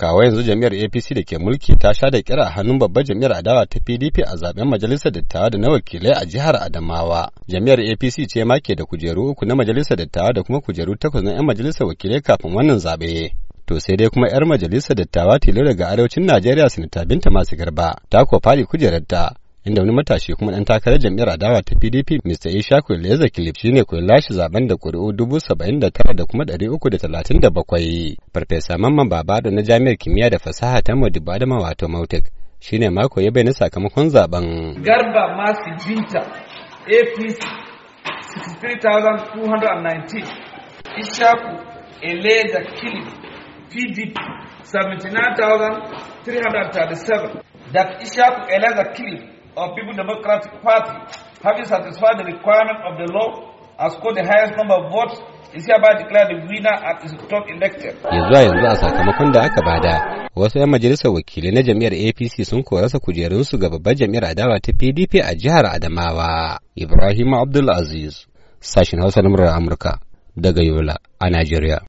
kawo yanzu jami'ar apc da ke mulki ta sha da kira a hannun babbar jami'ar adawa ta pdp a zaben majalisar dattawa da na wakilai a jihar adamawa jami'ar apc ce ma ke da kujeru uku na majalisar dattawa da kuma kujeru takwas na 'yan majalisar wakilai kafin wannan zaɓe to sai dai kuma 'yar majalisar dattawa tilo daga arewacin najeriya sinita binta masu garba ta ko fadi kujerarta inda wani matashi kuma dan takarar jam'iyyar adawa ta PDP Mr. Ishaku Leza Kilip shine kuwa lashe zaben da ƙuri'u dubu saba'in da tara da kuma ɗari uku da talatin da bakwai. Farfesa Mamman Babado na Jami'ar Kimiyya da Fasaha ta Modibo Badama wato Mautik shine mako ya bayyana sakamakon zaben. Garba Masu Binta APC 63,219 Ishaku Eleza Kilip PDP 79,337 Dr. Ishaku Eleza Kilip of People Democratic Party having satisfied the requirement of the law has scored the highest number of votes is hereby declared the winner and is top elected. Yanzu a yanzu a sakamakon da aka bada wasu 'yan majalisar wakilai na jam'iyyar APC sun korasa kujerunsu ga babbar jam'iyyar adawa ta PDP a jihar Adamawa. Ibrahim Abdul Aziz, sashen Hausa na Amurka daga Yola a Najeriya.